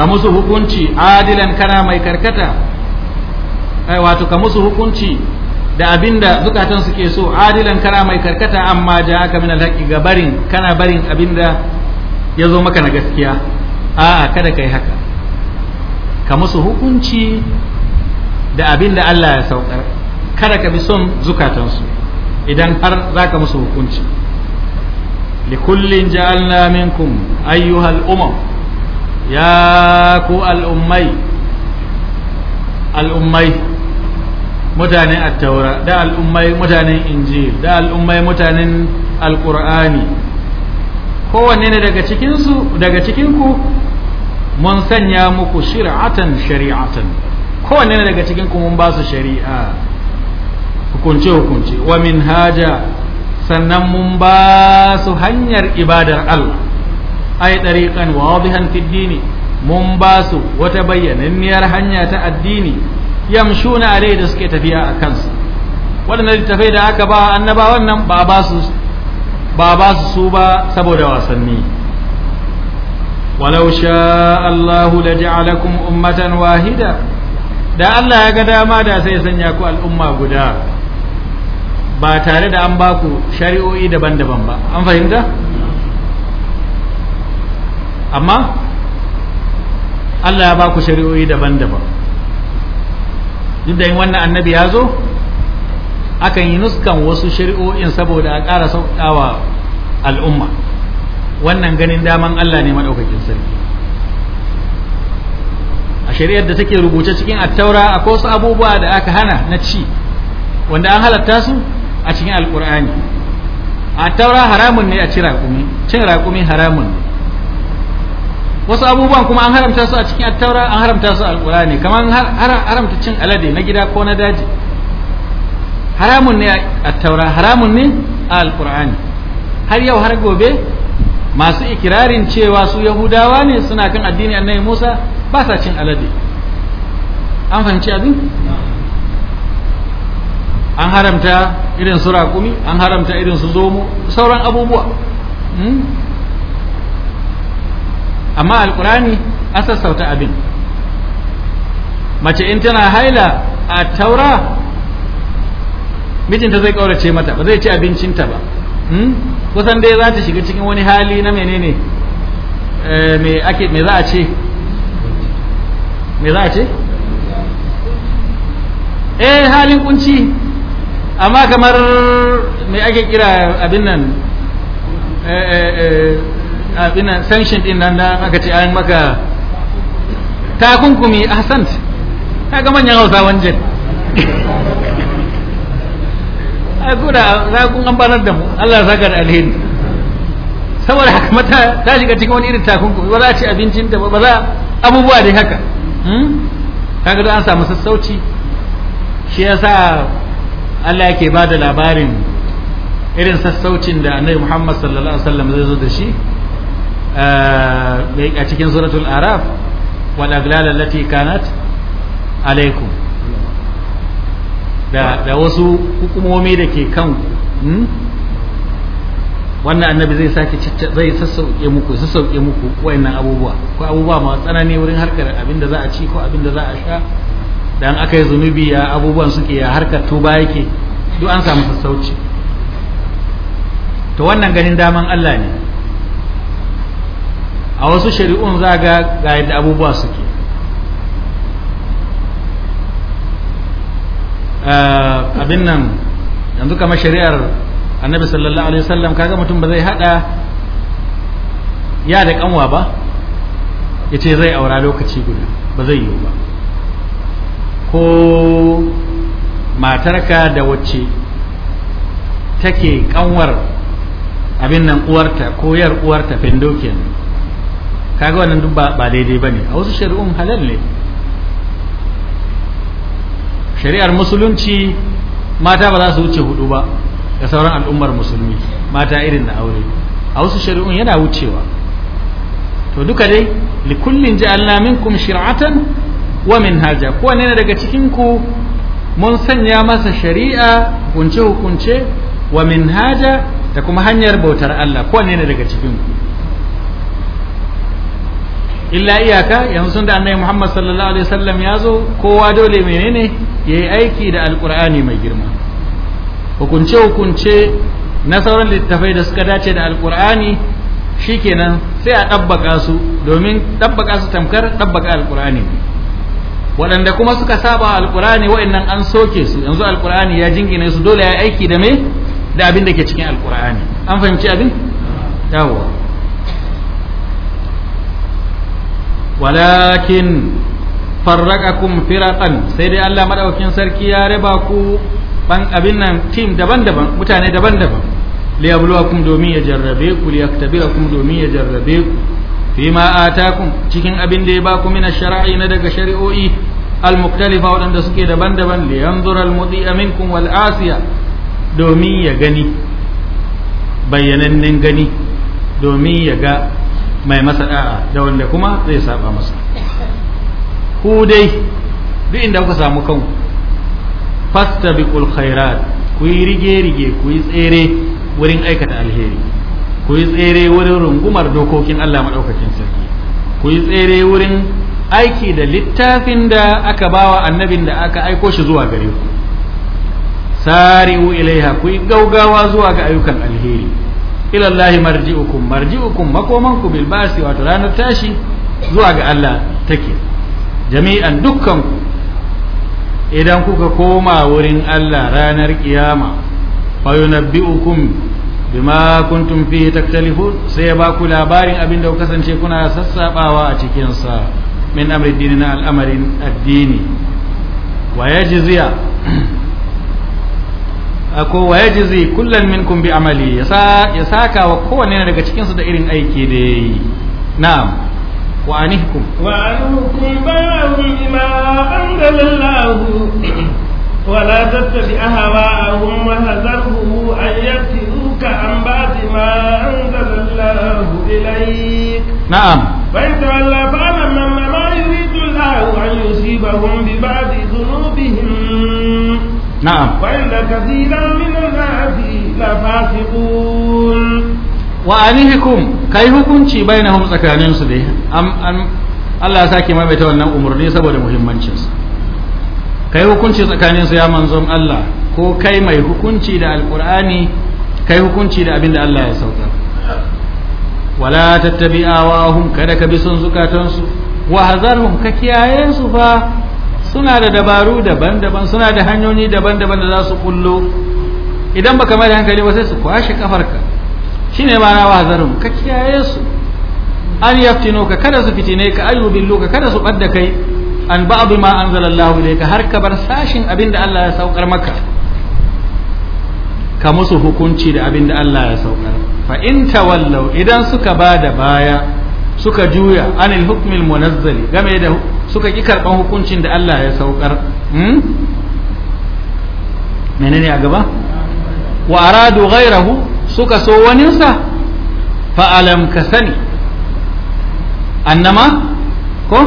ka musu hukunci adilan kana mai karkata ai eh, wato ka musu hukunci da abinda zukatan suke so adilan kana mai karkata amma ja aka min alhaqi gabarin kana barin abinda ya zo maka na gaskiya a'a kada kai haka ka musu hukunci da abin da Allah ya saukar kada ka bi son zukatansu idan har za ka musu hukunci likullin ja'alna minkum ayyuhal umam ya ku al'ummai al'ummai mutanen attaura da al'ummai mutanen injil da al'ummai mutanen alƙur'ani kowanne ne daga cikinsu daga cikinku mun sanya muku shir'atan shari'atan kowanne daga cikin ku mun ba su shari'a hukunce hukunce wa min haja sannan mun ba su hanyar ibadar Allah ai dariqan wadihan fid dini mun ba su wata bayyananniyar hanya ta addini yamshuna alai da suke tafiya a kansu waɗannan littafai da aka ba annabawan nan ba ba su ba ba su su ba saboda wasanni walau sha Allahu da ja'alakum ummatan wahida da Allah ya ga dama da sai sanya ku al'umma guda ba tare da an baku shari'o'i daban-daban ba an fahimta amma Allah ya baku shari'o'i daban-daban duk da yin wannan annabi ya zo akan yi nuskan wasu shari'o'in saboda a ƙara sauƙawa al'umma wannan ganin daman Allah ne madaukakin sarki a shari'ar da take rubuce cikin attaura akwai wasu abubuwa da aka hana na ci wanda an halatta su a cikin alkur'ani attaura haramun ne a ci raƙumi cin raƙumi haramun ne wasu abubuwan kuma an haramta su a cikin attaura an haramta su a alkur'ani kamar haramta cin alade na gida ko na daji haramun ne a attaura haramun ne a alkur'ani har yau har gobe masu ikirarin cewa su yahudawa ne suna kan addini annabi musa ba sa cin alade an fahimci abin an haramta irin su raƙumi an haramta irin su zomo sauran abubuwa hmm? amma alkurani an sassauta abin mace in tana haila a taura mijinta zai ƙaurace mata ba zai ci abincinta ba Hmm? kusan dai za ta shiga cikin wani hali na menene eh, me me za a ce me za a ce eh halin kunci amma kamar me ake kira abin nan eh, eh, abin nan sanction din nan da aka ce an maka takunkumi ahsant ga manyan hausa wanjan ai kuna za kun amfanar da mu Allah ya saka da alheri saboda haka mata ta shiga cikin wani irin takunkumi ba za ci abincin da ba za abubuwa dai haka hmm? kaga da an samu sassauci shi yasa Allah yake ba da labarin irin sassaucin da annabi Muhammad sallallahu alaihi wasallam zai zo da shi eh, a cikin suratul araf wal aglal allati kanat alaikum da wasu hukumomi da ke kan hmm? wannan annabi zai sake zai sassauke muku sassauke muku wayannan abubuwa ko abubuwa masu tsanani wurin harkar abin da za a ci ko abin da za a sha dan aka yi zunubi ya abubuwan suke ya harkar tuba yake duk an samu sassauci to wannan ganin daman Allah ne a wasu shari'un za ga ga yadda abubuwa suke Ah, abin nan yanzu kamar shari'ar annabi sallallahu alaihi wasallam kaga mutum ba zai hada ya da kanwa ba ya ce zai aura lokaci guda ba zai yiwu ba ko matarka da wacce take kanwar abin nan uwarta ko yar uwarta fendokin kaga wannan duk ba daidai bane a wasu shari'un halal ne shari'ar musulunci mata ba za su wuce hudu ba ga sauran al'ummar musulmi mata irin na aure a wasu shari'un yana wucewa to duka dai likullin ja'alna minkum shir'atan wa minhaja Ko ne daga cikin ku mun sanya masa shari'a hukunce hukunce wa minhaja da kuma hanyar bautar Allah ko ne daga cikin ku illa iyaka yanzu sun da annabi Muhammad sallallahu alaihi wasallam ya zo kowa dole menene ya yi aiki da alkur'ani mai girma hukunce-hukunce na sauran littafai da suka dace da alkur'ani shikenan sai a ɗabbaka su domin ɗabbaka su tamkar ɗabbaka alkur'ani ne waɗanda kuma suka saba alkur'ani wa'annan an soke su yanzu alkur'ani ya jingina su dole ya aiki da me da abin da ke cikin alkur'ani an fahimci abin yawwa walakin farraqakum firaqan sai dai Allah madaukakin sarki ya raba ku ban abin nan tim daban-daban mutane daban-daban liyabluwakum domin ya jarrabe ku liyaktabirakum domin ya jarrabe ku fima atakum cikin abin da ya baku min ash na daga shari'o'i al-muktalifa wadanda suke daban-daban liyanzura al-muti'a minkum wal asiya domin ya gani bayyanannen gani domin ya ga mai masa da wanda kuma zai saba masa ku dai duk inda kuka samu kanku fastabiqul khairat ku yi rige-rige ku yi tsere wurin aikata alheri ku yi tsere wurin rungumar dokokin Allah maɗaukakin sarki ku yi tsere wurin aiki da littafin da aka bawa annabin da aka aiko shi zuwa gare ku sari'u ilaiha ku yi gaugawa zuwa ga ayyukan alheri ilallahi marji'ukum marji'ukum makomanku bil ba'si wato ranar tashi zuwa ga Allah take jami'an dukkan idan kuka koma wurin Allah ranar kiyama fa yunabbi'ukum bima kuntum fihi taktalifun sai ya baku labarin abin da kasance kuna sassabawa a cikin sa min amri na al'amarin addini wa yajziya ako wa yajzi kullan minkum bi amali ya saka wa kowanne daga cikin su da irin aiki da yayi na'am وأن احكم وأن احكم بينهم بما أنزل الله ولا تتبع أهواءهم وهذرهم أن يفتنوك عن بعض ما أنزل الله إليك نعم فإن تولى فاعلم أن ما يريد الله أن يصيبهم ببعض ذنوبهم نعم وإن كثيرا من الناس لفاسقون وأنهكم kai hukunci bainahum tsakanin su dai an Allah ya sake ta wannan umarni saboda muhimmancinsu. kai hukunci tsakanin su ya manzon Allah ko kai mai hukunci da alqur'ani kai hukunci da abin da Allah ya sauka wala tattabi awahum kada ka bi son zukatansu wa hazarhum ka kiyaye su fa suna da dabaru daban-daban suna da hanyoyi daban-daban da za su kullo idan baka mai da hankali ba sai su kwashe kafarka shine ma na wazarin ka kiyaye su an yaftino ka kada su fitine ka ayyubillu ka kada su badda kai an ba'd ma anzalallahu ilayka har ka bar sashin da Allah ya saukar maka ka musu hukunci da da Allah ya saukar fa in tawallau idan suka da baya suka juya anil hukmil munazzali game da suka ki karban hukuncin da Allah ya saukar hmm? menene a gaba wa aradu ghairahu suka so waninsa fa'alam ka sani annama ko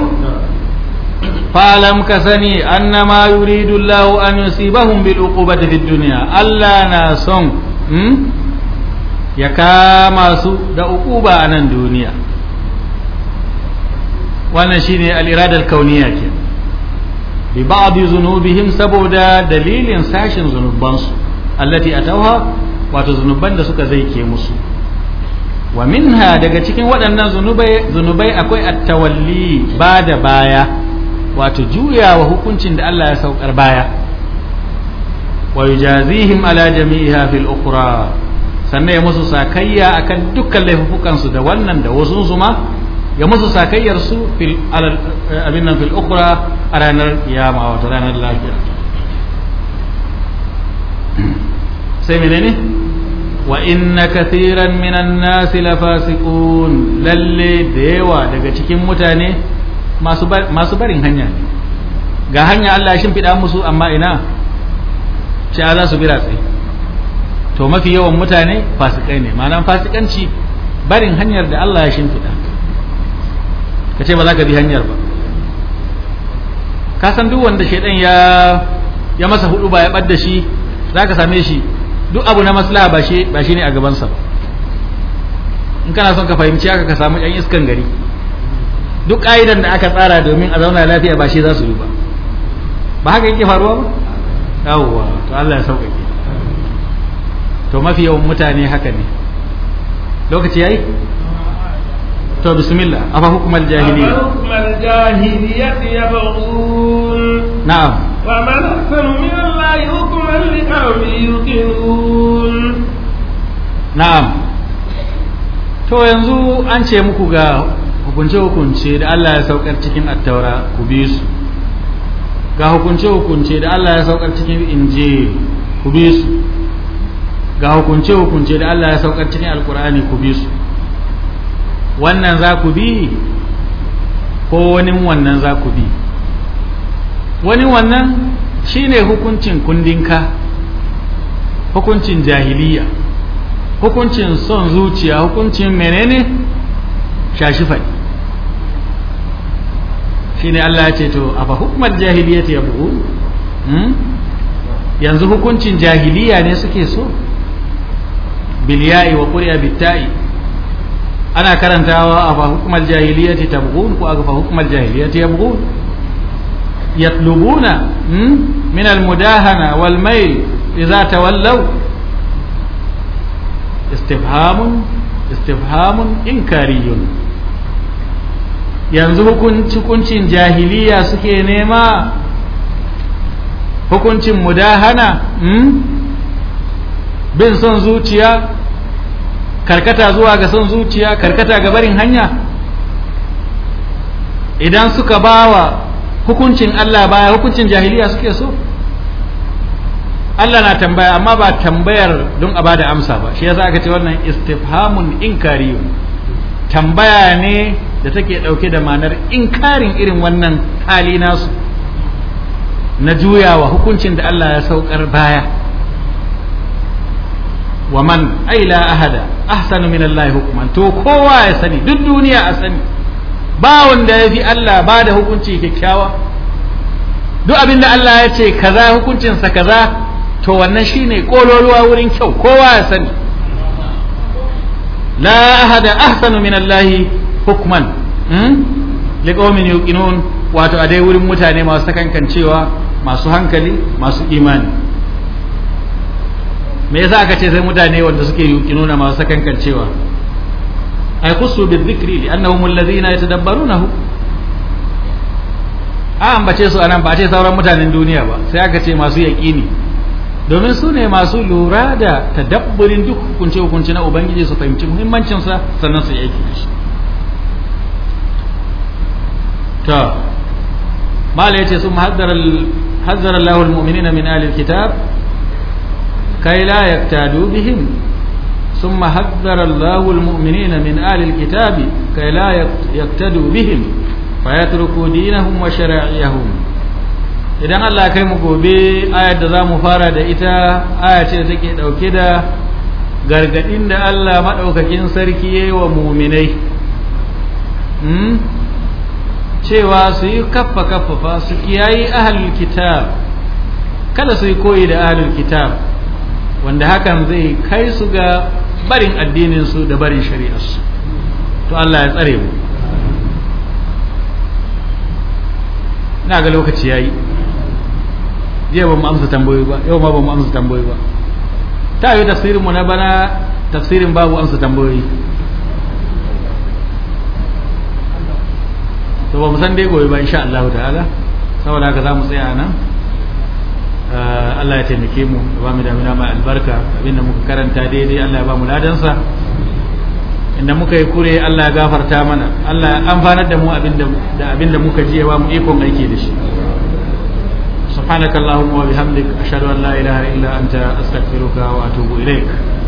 fa'alam ka sani annama Allah an Allah na son hmm, ya kama su da uquba a nan duniya wannan shine al-iradar kauniya ke bi ba'd zunubihim saboda dalilin sashin zunubansu allati atawha wato zunuban da suka zaike musu wa minha daga cikin waɗannan zunubai akwai attawalli ba da baya wato juya wa hukuncin da Allah ya saukar baya wa yujazihim ala jami'iha fil ukhra sannan ya musu sakayya akan dukkan laifukan su da wannan da wasu su ma ya musu sakayyar su fil abin nan fil ukhra a ranar kiyama wato ranar lafiya sai menene وإن كثيرا من الناس لفاسقون للي ديوا daga cikin mutane masu barin hanya ga hanya Allah ya shimfida musu amma ina ce za su bi ratsai to mafi yawan mutane fasikai ne ma'ana fasikanci barin hanyar da Allah ya shimfida ka ce ba za ka bi hanyar ba ka san duk wanda shaidan ya ya masa hudu ba ya bar da shi za ka same shi duk abu na maslaha ba shi ba ne a gaban sa in kana son ka fahimci haka ka samu yan iskan gari duk ka'idan da aka tsara domin a zauna lafiya ba shi za su yi ba ba haka yake faruwa ba yawwa to Allah ya sauƙaƙe to mafi yawan mutane haka ne lokaci yayi to bismillah afa hukumar jahiliya afa hukumar jahiliya yabghun na'am ومن أحسن من الله حكما لقوم يوقنون نعم to yanzu an ce muku ga hukunce-hukunce da Allah ya saukar cikin attaura ku bi su ga hukunce-hukunce da Allah ya saukar cikin inji ku bi su ga hukunce-hukunce da Allah ya saukar cikin alkur'ani ku bi su wannan za ku bi ko wani wannan za ku bi wani wannan shine hukuncin kundinka hukuncin jahiliya hukuncin son zuciya hukuncin menene shashifai ne Allah ya ce to a fa hukumar jahiliya ya yabu hmm? yanzu hukuncin jahiliya ne suke so Biliyayi wa qur'a bitta'i ana karantawa a fa hukumar jahiliya ta yabu ko a fa hukumar jahiliya ta yabu يطلبون من المداهنة والميل إذا تولوا استفهام استفهام إنكاري yanzu hukuncin jahiliya suke nema hukuncin mudahana bin son zuciya karkata zuwa ga son zuciya karkata ga barin hanya idan suka bawa hukuncin Allah baya hukuncin jahiliya suke so Allah na tambaya amma ba tambayar don a bada amsa ba shi yasa aka ce wannan istifhamun inkariyun tambaya ne da take dauke da manar inkarin irin wannan hali nasu na juyawa hukuncin da Allah ya saukar baya wa man aila ahada ahsanu min Allah hukuman to kowa ya sani duk duniya a sani ba wanda ya fi Allah ba da hukunci kyakkyawa duk abin da Allah ya ce kaza hukuncinsa kaza to wannan shine kololuwa wurin kyau kowa ya sani la ahada ahsanu min Allah hukman hmm? liqaumin yuqinun wato a dai wurin mutane masu sakankancewa masu hankali masu imani me yasa aka ce sai mutane wanda suke yuqinuna masu sakankancewa ay kusu bi dhikri li annahum alladhina yatadabbarunahu a ambace su anan ba ce sauran mutanen duniya ba sai aka ce masu yaqini domin su ne masu lura da tadabburin duk hukunce hukunce na ubangiji su fahimci muhimmancin sa sannan su yi shi to mala yace sun haddara haddara Allahu almu'minina min ahli kai la yaktadu bihim ثم حذر الله المؤمنين من آل الكتاب كي لا يقتدوا بهم فيتركوا دينهم وشرائعهم idan Allah kai mu gobe ayar da za mu fara da ita aya ce da take ɗauke da gargaɗin da Allah maɗaukakin sarki ya yi wa muminai cewa su yi kaffa kaffafa su kiyayi ahalul kitab kada su yi koyi da ahalul kitab wanda hakan zai kai su ga barin addininsu da barin shari'arsu to Allah ya tsare mu ina ga lokaci yayi jiya ba mu amsa tambayoyi ba yau ma ba mu amsa tambayoyi ba ta yi tafsirin mu na bana tafsirin babu amsa tambayoyi to ba mu san dai gobe ba insha Allah ta'ala saboda haka za mu tsaya nan Eh, Allah ya taimake mu ba mu damina mai albarka abinda muka karanta daidai Allah ya ba mu ladansa inda muka yi kure Allah ya gafarta mana Allah ya amfanar da mu da abinda muka ji ya ba mu ikon aiki da shi سبحانك اللهم وبحمدك أشهد أن لا إله إلا أنت أستغفرك وأتوب إليك